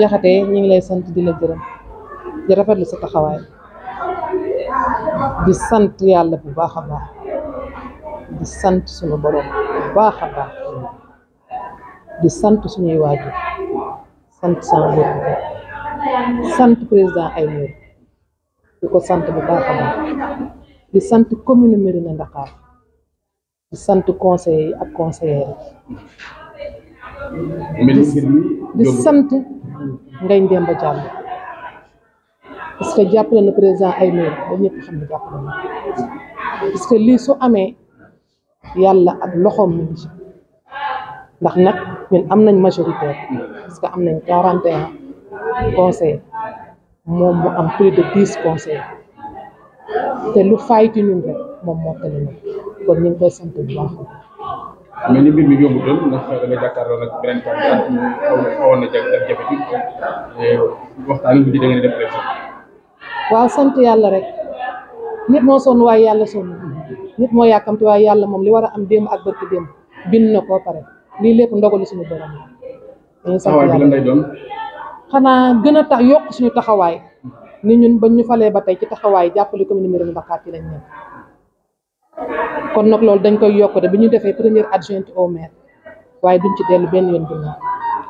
Jaxate ñu ngi lay sant di la gërëm di rafetlu sa taxawaay di sant yàlla bu baax a baax di sant suñu borom bu baax a baax di sant suñuy waajur sant sama bopp sant président Aymérou di ko sant bu baax a di sant commune Mérina Dakhar di sant conseillers ak conseillères di sant Ngagne Demba Diallo parce que jàppale na président ay loolu ba ñëpp xam ne jàppale na parce que lii su amee yàlla ak loxoom mi ngi ndax nag ñun am nañ majorité parce que am nañ quarante et conseil moom mu am plus de dix conseil te lu fay ci ñun rek moo tële kon ñu koy sant bu mel ni mbir mi waaw sant yàlla rek nit moo sonn waaye yàlla sonn nit moo yàkkamti waaye yàlla moom li war a am démb ak bërki démb bind na koo pare lii lépp ndogalu suñu borom dañuy sant yàlla lay doon xanaa gën a tax yokk suñu taxawaay ni ñun bañ ñu falee ba tey ci taxawaay jàppale commune Mérina Dakhar ci lañ nekk kon nag loolu dañ koy yokkute bi ñu defee première adjointe au maire waaye duñ ci dellu benn yoon ginnaaw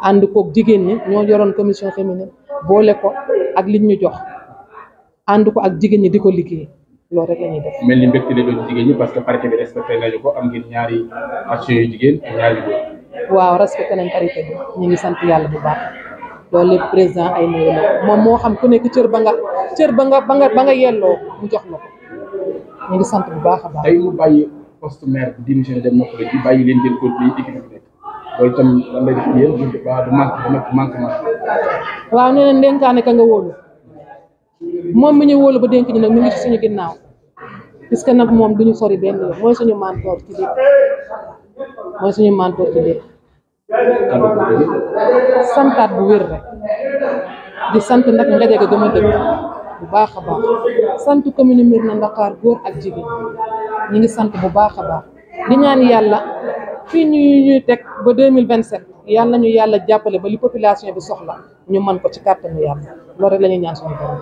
ànd koog jigéen ñi ñoo yoroon commission féminine boole ko ak liñ ñu jox ànd ko ak jigéen ñi di ko liggéey loolu rek la mel ni parce que parité bi ko am ngeen ñaari actions yu jigéen waaw respecté nañ parité bi ñu ngi sant yàlla bu baax loolu lépp président ay nuyu moom moo xam ku nekk cër ba nga cër ba nga ba nga ba nga yelloo mu jox la ko. ñu ngi sant bu baax a baax. tey mu bàyyi poste maire bi démissionné dem noppalu ji du manque ba nekk manquement. waaw nee na moom mi ñu wóolu ba dénk ñu nag mi ngi ci suñu ginnaaw puisque nag moom duñu sori benn yoon mooy suñu mentor ci lépp suñu mentor santaat bu wér rek di sant nag ndaje ga gëm a dëkk. bu baax a baax sant commune na ndaxaar góor ak jigéen ñi ngi sant bu baax a baax di ñaan yàlla fii ñu ñuy teg ba deux mille vingt sept yàlla nañu yàlla jàppale ba li population bi soxla ñu man ko ci kàttanu yàlla loolu rek la ñuy ñaan suñu borom